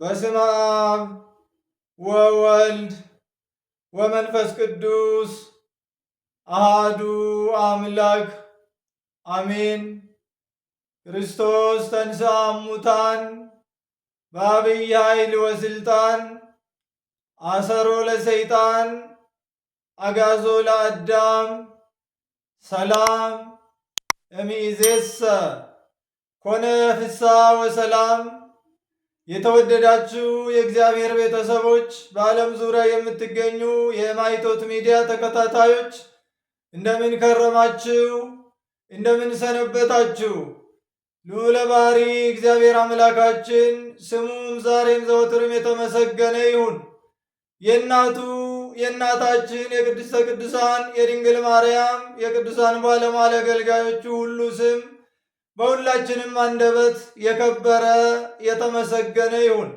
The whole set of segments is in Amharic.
በስመ አብ ወወልድ ወመንፈስ ቅዱስ አሃዱ አምላክ አሜን። ክርስቶስ ተንሥአ እሙታን በአብይ ኃይል ወስልጣን አሰሮ ለሰይጣን አጋዞ ለአዳም ሰላም እሚእዜሰ ኮነ ፍስሐ ወሰላም የተወደዳችሁ የእግዚአብሔር ቤተሰቦች በዓለም ዙሪያ የምትገኙ የማይቶት ሚዲያ ተከታታዮች እንደምን ከረማችሁ? እንደምን ሰነበታችሁ? ልዑለ እግዚአብሔር አምላካችን ስሙም ዛሬም ዘወትርም የተመሰገነ ይሁን። የእናቱ የእናታችን የቅድስተ ቅዱሳን የድንግል ማርያም የቅዱሳን ባለሟል አገልጋዮቹ ሁሉ ስም በሁላችንም አንደበት የከበረ የተመሰገነ ይሁን።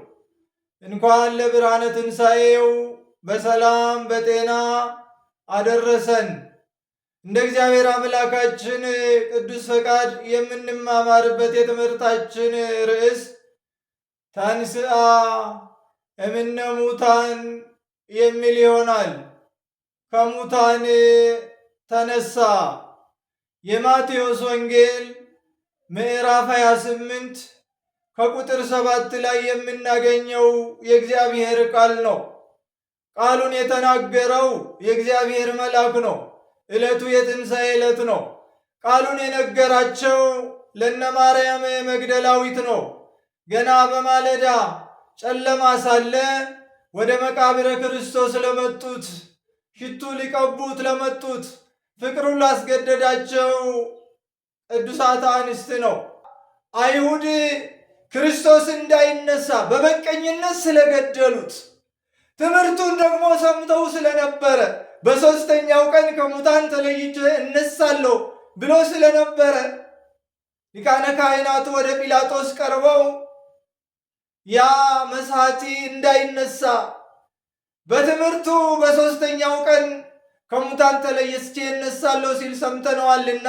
እንኳን ለብርሃነ ትንሣኤው በሰላም በጤና አደረሰን። እንደ እግዚአብሔር አምላካችን ቅዱስ ፈቃድ የምንማማርበት የትምህርታችን ርዕስ ታንስአ እምነ ሙታን የሚል ይሆናል። ከሙታን ተነሳ። የማቴዎስ ወንጌል ምዕራፍ 28 ከቁጥር ሰባት ላይ የምናገኘው የእግዚአብሔር ቃል ነው። ቃሉን የተናገረው የእግዚአብሔር መልአክ ነው። ዕለቱ የትንሣኤ ዕለት ነው። ቃሉን የነገራቸው ለነ ማርያም መግደላዊት ነው። ገና በማለዳ ጨለማ ሳለ ወደ መቃብረ ክርስቶስ ለመጡት ሽቱ ሊቀቡት ለመጡት ፍቅሩን ላስገደዳቸው ቅዱሳት አንስት ነው። አይሁድ ክርስቶስ እንዳይነሳ በመቀኝነት ስለገደሉት ትምህርቱን ደግሞ ሰምተው ስለነበረ በሦስተኛው ቀን ከሙታን ተለይቶ እነሳለሁ ብሎ ስለነበረ ሊቃነ ካህናቱ ወደ ጲላጦስ ቀርበው ያ መሳቲ እንዳይነሳ በትምህርቱ በሦስተኛው ቀን ከሙታን ተለይቼ እነሳለሁ ሲል ሰምተነዋልና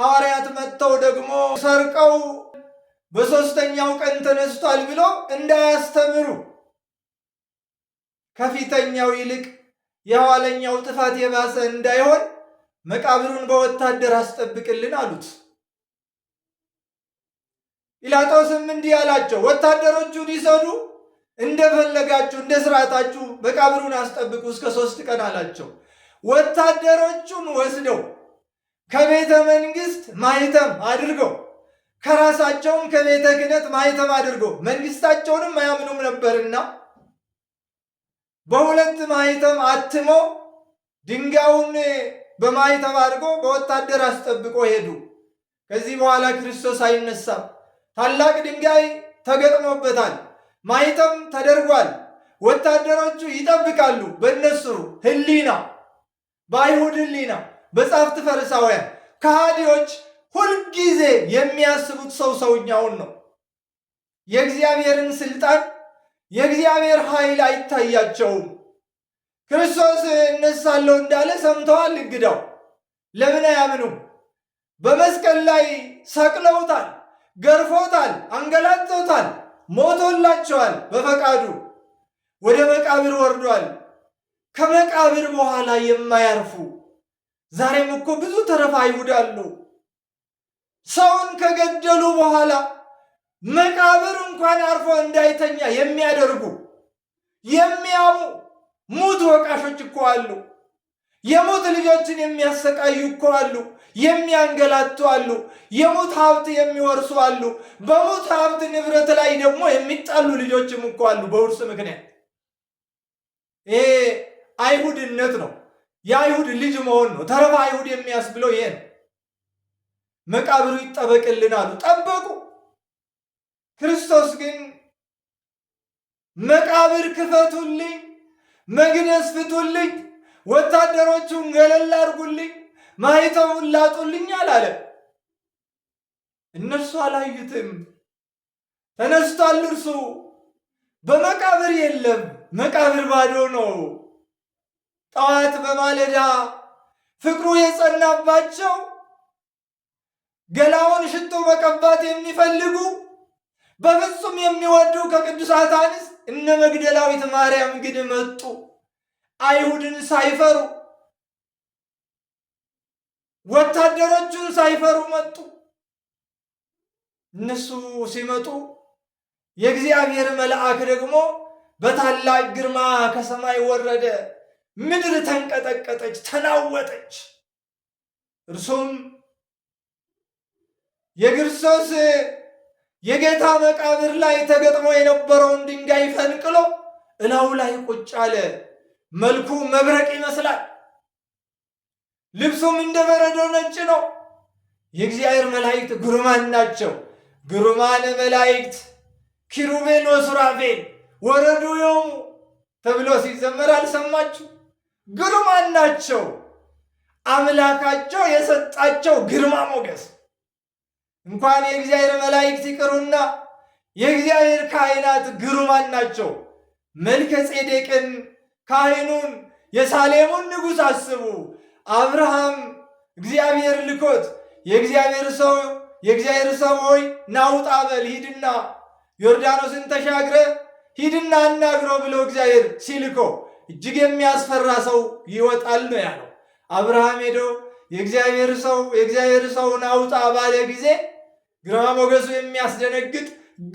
ሐዋርያት መጥተው ደግሞ ሰርቀው በሦስተኛው ቀን ተነስቷል ብሎ እንዳያስተምሩ ከፊተኛው ይልቅ የኋለኛው ጥፋት የባሰ እንዳይሆን መቃብሩን በወታደር አስጠብቅልን አሉት። ጲላጦስም እንዲህ አላቸው፣ ወታደሮቹን ይሰዱ፣ እንደፈለጋችሁ እንደ ስርዓታችሁ መቃብሩን አስጠብቁ እስከ ሶስት ቀን አላቸው። ወታደሮቹን ወስደው ከቤተ መንግስት ማህተም አድርገው ከራሳቸውም ከቤተ ክህነት ማይተም አድርገው መንግስታቸውንም አያምኑም ነበርና በሁለት ማይተም አትሞ ድንጋዩን በማይተም አድርጎ በወታደር አስጠብቆ ሄዱ። ከዚህ በኋላ ክርስቶስ አይነሳም። ታላቅ ድንጋይ ተገጥሞበታል። ማህተም ተደርጓል። ወታደሮቹ ይጠብቃሉ። በእነሱ ህሊና፣ በአይሁድ ህሊና በጻፍት ፈሪሳውያን፣ ከሃዲዎች ሁልጊዜ የሚያስቡት ሰው ሰውኛውን ነው። የእግዚአብሔርን ስልጣን የእግዚአብሔር ኃይል አይታያቸውም። ክርስቶስ እነሳለሁ እንዳለ ሰምተዋል። እንግዳው ለምን አያምኑም? በመስቀል ላይ ሰቅለውታል፣ ገርፎታል፣ አንገላጥቶታል፣ ሞቶላቸዋል። በፈቃዱ ወደ መቃብር ወርዷል። ከመቃብር በኋላ የማያርፉ ዛሬም እኮ ብዙ ተረፋ አይሁድ አሉ። ሰውን ከገደሉ በኋላ መቃብር እንኳን አርፎ እንዳይተኛ የሚያደርጉ የሚያሙ ሙት ወቃሾች እኮ አሉ። የሙት ልጆችን የሚያሰቃዩ እኮ አሉ። የሚያንገላቱ አሉ። የሙት ሀብት የሚወርሱ አሉ። በሙት ሀብት ንብረት ላይ ደግሞ የሚጣሉ ልጆችም እኮ አሉ በውርስ ምክንያት። ይሄ አይሁድነት ነው። የአይሁድ ልጅ መሆን ነው። ተረፈ አይሁድ የሚያስብለው ይሄ ነው። መቃብሩ ይጠበቅልን አሉ፣ ጠበቁ። ክርስቶስ ግን መቃብር ክፈቱልኝ፣ መግነዝ ፍቱልኝ፣ ወታደሮቹን ገለል አድርጉልኝ፣ ማይተውን ላጡልኝ አላለ። እነሱ አላዩትም። ተነስቷል እርሱ። በመቃብር የለም፣ መቃብር ባዶ ነው። ጠዋት በማለዳ ፍቅሩ የጸናባቸው ገላውን ሽቶ መቀባት የሚፈልጉ በፍጹም የሚወዱ ከቅዱሳት አንስት እነ መግደላዊት ማርያም ግን መጡ። አይሁድን ሳይፈሩ ወታደሮቹን ሳይፈሩ መጡ። እነሱ ሲመጡ የእግዚአብሔር መልአክ ደግሞ በታላቅ ግርማ ከሰማይ ወረደ። ምድር ተንቀጠቀጠች፣ ተናወጠች። እርሱም የክርስቶስ የጌታ መቃብር ላይ ተገጥሞ የነበረውን ድንጋይ ፈንቅሎ እላው ላይ ቁጭ አለ። መልኩ መብረቅ ይመስላል። ልብሱም እንደ በረዶ ነጭ ነው። የእግዚአብሔር መላእክት ግሩማን ናቸው። ግሩማን መላእክት ኪሩቤል ወሱራፌል ወረዱ ዮሙ ተብሎ ሲዘመር አልሰማችሁ? ግሩማን ናቸው። አምላካቸው የሰጣቸው ግርማ ሞገስ እንኳን የእግዚአብሔር መላእክት ይቅሩና የእግዚአብሔር ካህናት ግሩማን ናቸው። መልከ ጼዴቅን ካህኑን የሳሌሙን ንጉሥ አስቡ። አብርሃም እግዚአብሔር ልኮት የእግዚአብሔር ሰው የእግዚአብሔር ሰው ሆይ ናውጣ በል ሂድና ዮርዳኖስን ተሻግረ ሂድና አናግሮ ብሎ እግዚአብሔር ሲልኮ እጅግ የሚያስፈራ ሰው ይወጣል ነው ያለው። አብርሃም ሄዶ የእግዚአብሔር ሰው የእግዚአብሔር ሰውን አውጣ ባለ ጊዜ ግርማ ሞገሱ የሚያስደነግጥ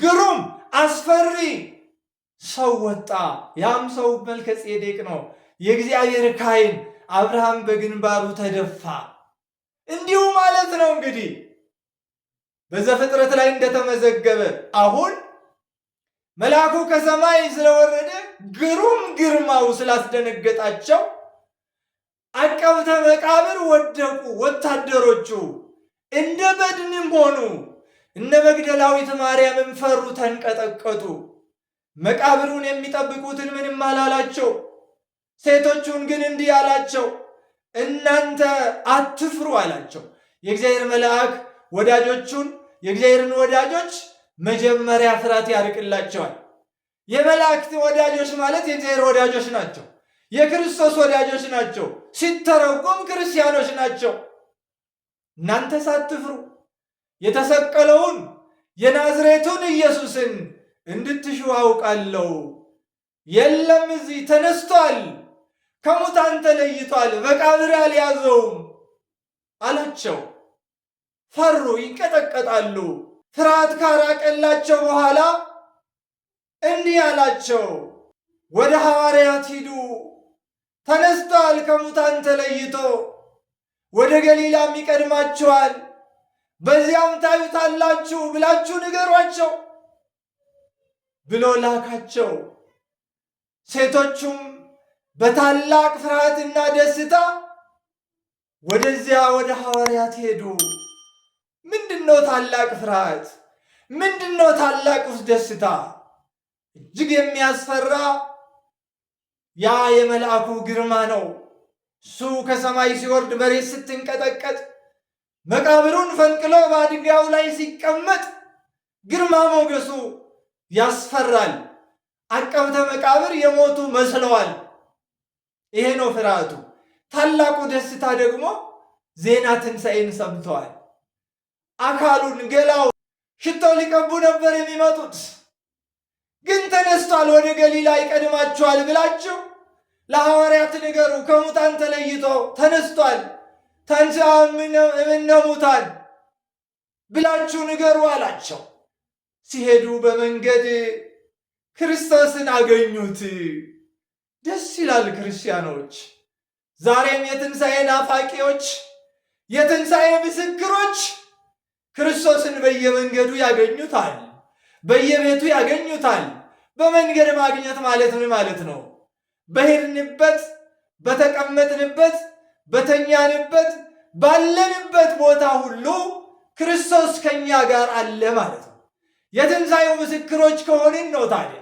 ግሩም አስፈሪ ሰው ወጣ። ያም ሰው መልከ ጼዴቅ ነው፣ የእግዚአብሔር ካህን። አብርሃም በግንባሩ ተደፋ። እንዲሁ ማለት ነው እንግዲህ በዘፍጥረት ላይ እንደተመዘገበ አሁን መልአኩ ከሰማይ ስለወረደ ግሩም ግርማው ስላስደነገጣቸው አቀብተ መቃብር ወደቁ። ወታደሮቹ እንደ በድንም ሆኑ። እነ መግደላዊት ማርያምም ፈሩ፣ ተንቀጠቀጡ። መቃብሩን የሚጠብቁትን ምንም አላላቸው። ሴቶቹን ግን እንዲህ አላቸው፣ እናንተ አትፍሩ አላቸው። የእግዚአብሔር መልአክ ወዳጆቹን የእግዚአብሔርን ወዳጆች መጀመሪያ ፍርሃት ያርቅላቸዋል። የመላእክት ወዳጆች ማለት የእግዚአብሔር ወዳጆች ናቸው። የክርስቶስ ወዳጆች ናቸው። ሲተረጎም ክርስቲያኖች ናቸው። እናንተ ሳትፍሩ የተሰቀለውን የናዝሬቱን ኢየሱስን እንድትሹ አውቃለሁ። የለም እዚህ ተነስቷል፣ ከሙታን ተለይቷል፣ በቃብር አልያዘውም አላቸው። ፈሩ፣ ይንቀጠቀጣሉ። ፍርሃት ካራቀላቸው በኋላ እንዲህ አላቸው፣ ወደ ሐዋርያት ሂዱ። ተነስቷል ከሙታን ተለይቶ ወደ ገሊላም ይቀድማችኋል፣ በዚያም ታዩታላችሁ ብላችሁ ንገሯቸው ብሎ ላካቸው። ሴቶቹም በታላቅ ፍርሃትና ደስታ ወደዚያ ወደ ሐዋርያት ሄዱ። ምንድን ነው ታላቅ ፍርሃት? ምንድን ነው ታላቅ ደስታ? እጅግ የሚያስፈራ ያ የመልአኩ ግርማ ነው። እሱ ከሰማይ ሲወርድ መሬት ስትንቀጠቀጥ፣ መቃብሩን ፈንቅሎ በአድጋው ላይ ሲቀመጥ ግርማ ሞገሱ ያስፈራል። አቀብተ መቃብር የሞቱ መስለዋል። ይሄ ነው ፍርሃቱ። ታላቁ ደስታ ደግሞ ዜና ትንሣኤን ሰምተዋል። አካሉን፣ ገላው ሽቶ ሊቀቡ ነበር የሚመጡት። ግን ተነስቷል፣ ወደ ገሊላ ይቀድማችኋል ብላችሁ ለሐዋርያት ንገሩ። ከሙታን ተለይቶ ተነስቷል፣ ተንሥአ እምነ ሙታን ብላችሁ ንገሩ አላቸው። ሲሄዱ በመንገድ ክርስቶስን አገኙት። ደስ ይላል ክርስቲያኖች። ዛሬም የትንሣኤ ናፋቂዎች፣ የትንሣኤ ምስክሮች ክርስቶስን በየመንገዱ ያገኙታል፣ በየቤቱ ያገኙታል። በመንገድ ማግኘት ማለት ምን ማለት ነው? በሄድንበት፣ በተቀመጥንበት፣ በተኛንበት፣ ባለንበት ቦታ ሁሉ ክርስቶስ ከኛ ጋር አለ ማለት ነው። የትንሣኤው ምስክሮች ከሆንን ነው። ታዲያ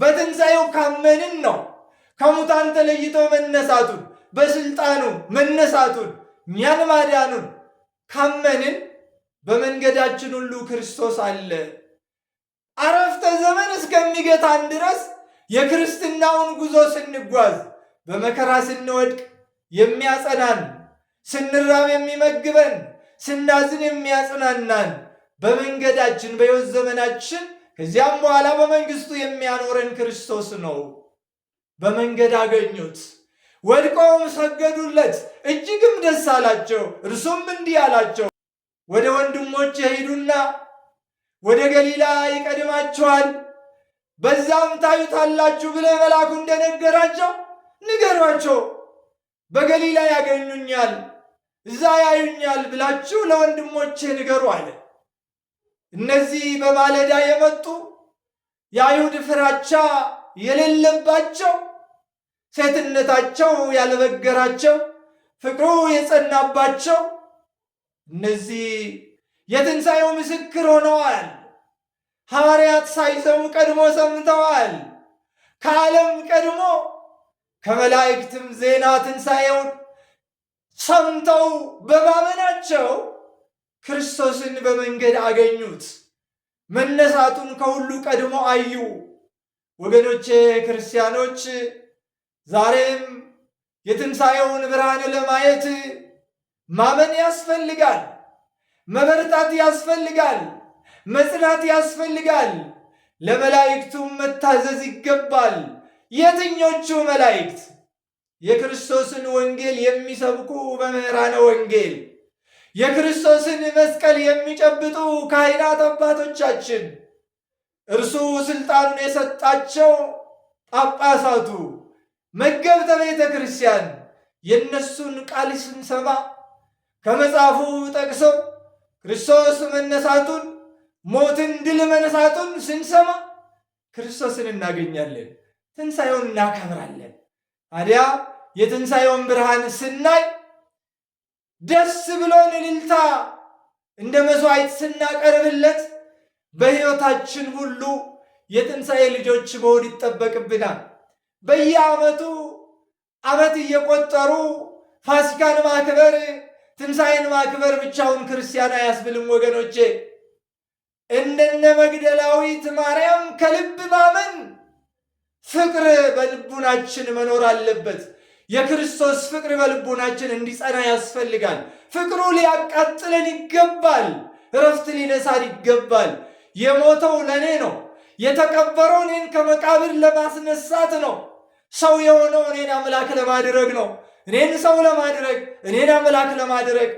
በትንሣኤው ካመንን ነው ከሙታን ተለይቶ መነሳቱን፣ በስልጣኑ መነሳቱን፣ እኛን ማዳኑን ካመንን በመንገዳችን ሁሉ ክርስቶስ አለ። አረፍተ ዘመን እስከሚገታን ድረስ የክርስትናውን ጉዞ ስንጓዝ በመከራ ስንወድቅ የሚያጸናን፣ ስንራብ የሚመግበን፣ ስናዝን የሚያጽናናን፣ በመንገዳችን በሕይወት ዘመናችን ከዚያም በኋላ በመንግስቱ የሚያኖረን ክርስቶስ ነው። በመንገድ አገኙት፣ ወድቀውም ሰገዱለት፣ እጅግም ደስ አላቸው። እርሱም እንዲህ አላቸው ወደ ወንድሞች ሂዱና ወደ ገሊላ ይቀድማችኋል፣ በዛም ታዩታላችሁ ብለ መልአኩ እንደነገራቸው ንገሯቸው፣ በገሊላ ያገኙኛል፣ እዛ ያዩኛል ብላችሁ ለወንድሞቼ ንገሩ አለ። እነዚህ በማለዳ የመጡ የአይሁድ ፍራቻ የሌለባቸው ሴትነታቸው ያልበገራቸው ፍቅሩ የጸናባቸው እነዚህ የትንሣኤው ምስክር ሆነዋል። ሐዋርያት ሳይሰሙ ቀድሞ ሰምተዋል። ከዓለም ቀድሞ ከመላእክትም ዜና ትንሣኤውን ሰምተው በማመናቸው ክርስቶስን በመንገድ አገኙት። መነሳቱን ከሁሉ ቀድሞ አዩ። ወገኖቼ ክርስቲያኖች ዛሬም የትንሣኤውን ብርሃን ለማየት ማመን ያስፈልጋል። መበረታት ያስፈልጋል። መጽናት ያስፈልጋል። ለመላእክቱም መታዘዝ ይገባል። የትኞቹ መላእክት? የክርስቶስን ወንጌል የሚሰብኩ በምህራነ ወንጌል፣ የክርስቶስን መስቀል የሚጨብጡ ካህናት አባቶቻችን፣ እርሱ ስልጣኑን የሰጣቸው ጳጳሳቱ፣ መገብተ ቤተ ክርስቲያን የእነሱን ቃል ስንሰማ ከመጽሐፉ ጠቅሰው ክርስቶስ መነሳቱን ሞትን ድል መነሳቱን ስንሰማ ክርስቶስን እናገኛለን፣ ትንሣኤውን እናከብራለን። ታዲያ የትንሣኤውን ብርሃን ስናይ ደስ ብሎን እልልታ እንደ መሥዋዕት ስናቀርብለት በሕይወታችን ሁሉ የትንሣኤ ልጆች መሆን ይጠበቅብናል። በየዓመቱ ዓመት እየቆጠሩ ፋሲካን ማክበር ትንሣኤን ማክበር ብቻውን ክርስቲያን አያስብልም ወገኖቼ። እንደነ መግደላዊት ማርያም ከልብ ማመን፣ ፍቅር በልቡናችን መኖር አለበት። የክርስቶስ ፍቅር በልቡናችን እንዲጸና ያስፈልጋል። ፍቅሩ ሊያቃጥለን ይገባል። እረፍት ሊነሳን ይገባል። የሞተው ለእኔ ነው። የተቀበረው እኔን ከመቃብር ለማስነሳት ነው። ሰው የሆነው እኔን አምላክ ለማድረግ ነው። እኔን ሰው ለማድረግ እኔን አምላክ ለማድረግ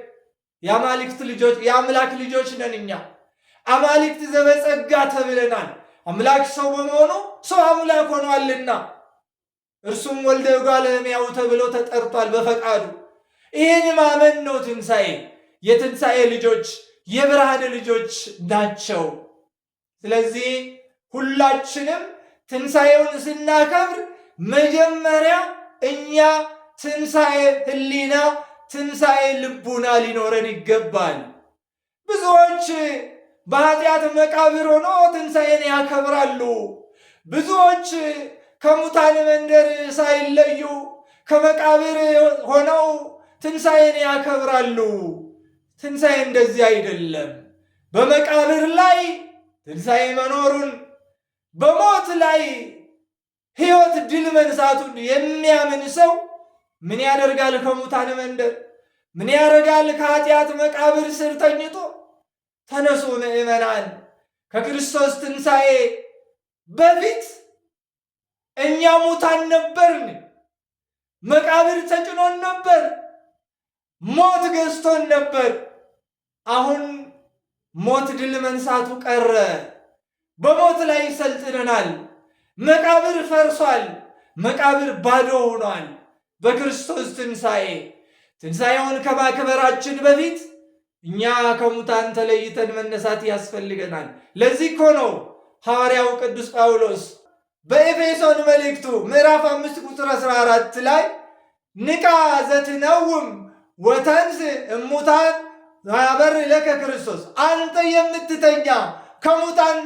የአማልክት ልጆች የአምላክ ልጆች ነን እኛ። አማልክት ዘበጸጋ ተብለናል። አምላክ ሰው በመሆኑ ሰው አምላክ ሆኗልና እርሱም ወልደ እጓለእመሕያው ተብሎ ተጠርቷል በፈቃዱ። ይህን ማመን ነው ትንሣኤ። የትንሣኤ ልጆች የብርሃን ልጆች ናቸው። ስለዚህ ሁላችንም ትንሣኤውን ስናከብር መጀመሪያ እኛ ትንሣኤ ህሊና፣ ትንሣኤ ልቡና ሊኖረን ይገባል። ብዙዎች በኃጢአት መቃብር ሆኖ ትንሣኤን ያከብራሉ። ብዙዎች ከሙታን መንደር ሳይለዩ ከመቃብር ሆነው ትንሣኤን ያከብራሉ። ትንሣኤ እንደዚህ አይደለም። በመቃብር ላይ ትንሣኤ መኖሩን በሞት ላይ ሕይወት ድል መንሳቱን የሚያምን ሰው ምን ያደርጋል ከሙታን መንደር ምን ያደርጋል ከኃጢአት መቃብር ስር ተኝቶ። ተነሱ ምእመናን፣ ከክርስቶስ ትንሣኤ በፊት እኛ ሙታን ነበርን። መቃብር ተጭኖን ነበር። ሞት ገዝቶን ነበር። አሁን ሞት ድል መንሳቱ ቀረ። በሞት ላይ ሰልጥነናል። መቃብር ፈርሷል። መቃብር ባዶ ሆኗል። በክርስቶስ ትንሣኤ ትንሣኤውን ከማክበራችን በፊት እኛ ከሙታን ተለይተን መነሳት ያስፈልገናል። ለዚህ እኮ ነው ሐዋርያው ቅዱስ ጳውሎስ በኤፌሶን መልእክቱ ምዕራፍ አምስት ቁጥር 14 ላይ ንቃ ዘትነውም ወተንስ እሙታን ማበር ለከ ክርስቶስ፣ አንተ የምትተኛ ከሙታን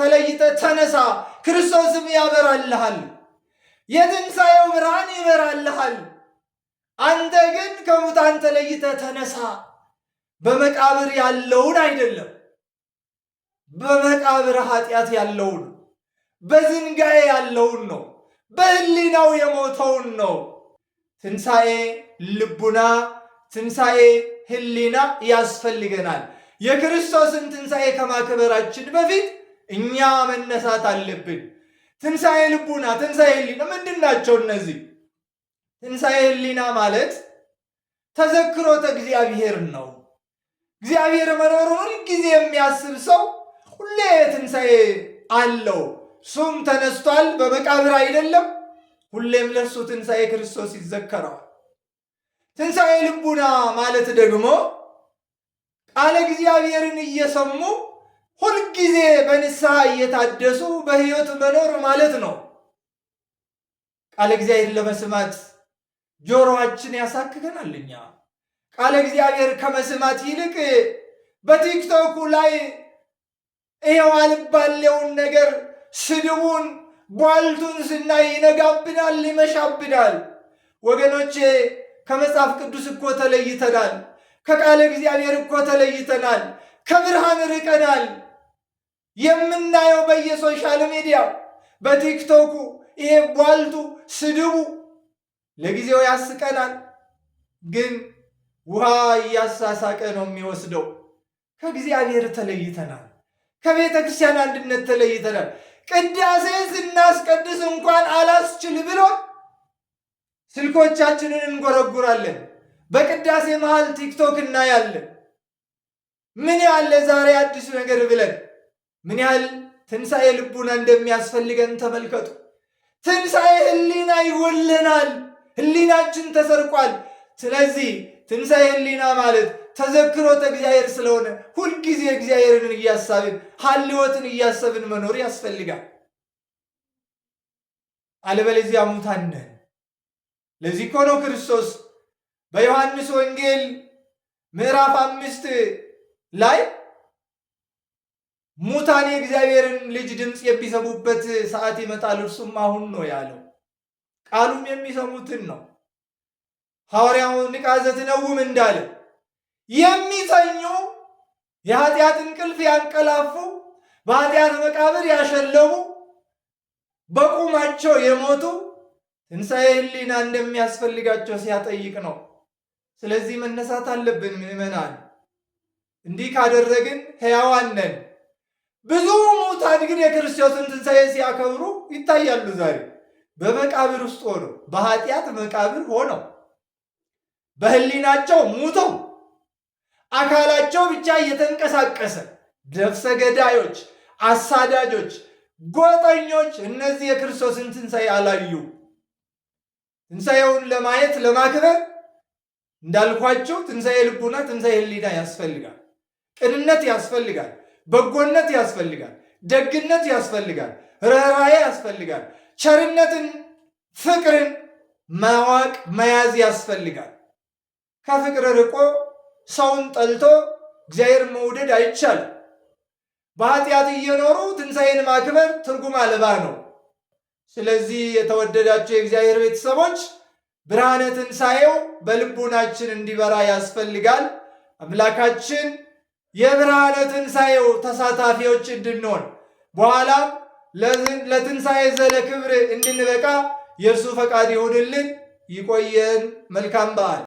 ተለይተ ተነሳ፣ ክርስቶስም ያበራልሃል። የትንሣኤው ብርሃን ይበራልሃል። አንተ ግን ከሙታን ተለይተ ተነሳ። በመቃብር ያለውን አይደለም፣ በመቃብር ኃጢአት ያለውን በዝንጋዬ ያለውን ነው፣ በህሊናው የሞተውን ነው። ትንሣኤ ልቡና፣ ትንሣኤ ህሊና ያስፈልገናል። የክርስቶስን ትንሣኤ ከማክበራችን በፊት እኛ መነሳት አለብን። ትንሣኤ ልቡና፣ ትንሣኤ ህሊና ምንድን ናቸው እነዚህ? ትንሣኤ ህሊና ማለት ተዘክሮተ እግዚአብሔር ነው። እግዚአብሔር መኖሩ ሁልጊዜ የሚያስብ ሰው ሁሌ ትንሣኤ አለው። ሱም ተነስቷል፣ በመቃብር አይደለም። ሁሌም ለእርሱ ትንሣኤ ክርስቶስ ይዘከረዋል። ትንሣኤ ልቡና ማለት ደግሞ ቃለ እግዚአብሔርን እየሰሙ ሁልጊዜ በንስሐ እየታደሱ በሕይወት መኖር ማለት ነው። ቃለ እግዚአብሔር ለመስማት ጆሮአችን ያሳክከናል። እኛ ቃለ እግዚአብሔር ከመስማት ይልቅ በቲክቶኩ ላይ ይኸው አልባሌውን ነገር ስድቡን፣ ቧልቱን ስናይ ይነጋብናል፣ ይመሻብናል። ወገኖቼ ከመጽሐፍ ቅዱስ እኮ ተለይተናል። ከቃለ እግዚአብሔር እኮ ተለይተናል። ከብርሃን ርቀናል። የምናየው በየሶሻል ሚዲያው በቲክቶኩ ይሄ ቧልቱ ስድቡ ለጊዜው ያስቀናል፣ ግን ውሃ እያሳሳቀ ነው የሚወስደው። ከእግዚአብሔር ተለይተናል። ከቤተ ክርስቲያን አንድነት ተለይተናል። ቅዳሴ ስናስቀድስ እንኳን አላስችል ብሎ ስልኮቻችንን እንጎረጉራለን። በቅዳሴ መሃል ቲክቶክ እናያለን። ምን ያለ ዛሬ አዲስ ነገር ብለን ምን ያህል ትንሣኤ ልቡና እንደሚያስፈልገን ተመልከቱ። ትንሣኤ ህሊና ይወልናል ህሊናችን ተሰርቋል። ስለዚህ ትንሣኤ ህሊና ማለት ተዘክሮተ እግዚአብሔር ስለሆነ ሁልጊዜ እግዚአብሔርን እያሳብን ሀልወትን እያሰብን መኖር ያስፈልጋል። አለበለዚያ ሙታን ነን። ለዚህ እኮ ነው ክርስቶስ በዮሐንስ ወንጌል ምዕራፍ አምስት ላይ ሙታን የእግዚአብሔርን ልጅ ድምፅ የሚሰሙበት ሰዓት ይመጣል፣ እርሱም አሁን ነው ያለው። ቃሉም የሚሰሙትን ነው። ሐዋርያው ንቃዘት ነውም እንዳለ የሚተኙ የኃጢአት እንቅልፍ ያንቀላፉ፣ በኃጢአት መቃብር ያሸለሙ፣ በቁማቸው የሞቱ ትንሣኤ ሕሊና እንደሚያስፈልጋቸው ሲያጠይቅ ነው። ስለዚህ መነሳት አለብን ምእመናን። እንዲህ ካደረግን ሕያዋን ነን። ብዙ ሙታን ግን የክርስቶስን ትንሣኤ ሲያከብሩ ይታያሉ። ዛሬ በመቃብር ውስጥ ሆነው በኃጢአት መቃብር ሆነው በህሊናቸው ሙተው አካላቸው ብቻ እየተንቀሳቀሰ ነፍሰ ገዳዮች፣ አሳዳጆች፣ ጎጠኞች እነዚህ የክርስቶስን ትንሣኤ አላዩ። ትንሣኤውን ለማየት ለማክበር እንዳልኳቸው ትንሣኤ ልቡና፣ ትንሣኤ ህሊና ያስፈልጋል። ቅንነት ያስፈልጋል። በጎነት ያስፈልጋል፣ ደግነት ያስፈልጋል፣ ርኅራኄ ያስፈልጋል፣ ቸርነትን፣ ፍቅርን ማዋቅ መያዝ ያስፈልጋል። ከፍቅር ርቆ ሰውን ጠልቶ እግዚአብሔር መውደድ አይቻልም። በኃጢአት እየኖሩ ትንሣኤን ማክበር ትርጉም አልባ ነው። ስለዚህ የተወደዳቸው የእግዚአብሔር ቤተሰቦች ብርሃነ ትንሣኤው በልቡናችን እንዲበራ ያስፈልጋል። አምላካችን የብርሃነ ትንሣኤው ተሳታፊዎች እንድንሆን በኋላ ለትንሣኤ ዘለ ክብር እንድንበቃ የእርሱ ፈቃድ ይሁንልን። ይቆየን። መልካም በዓል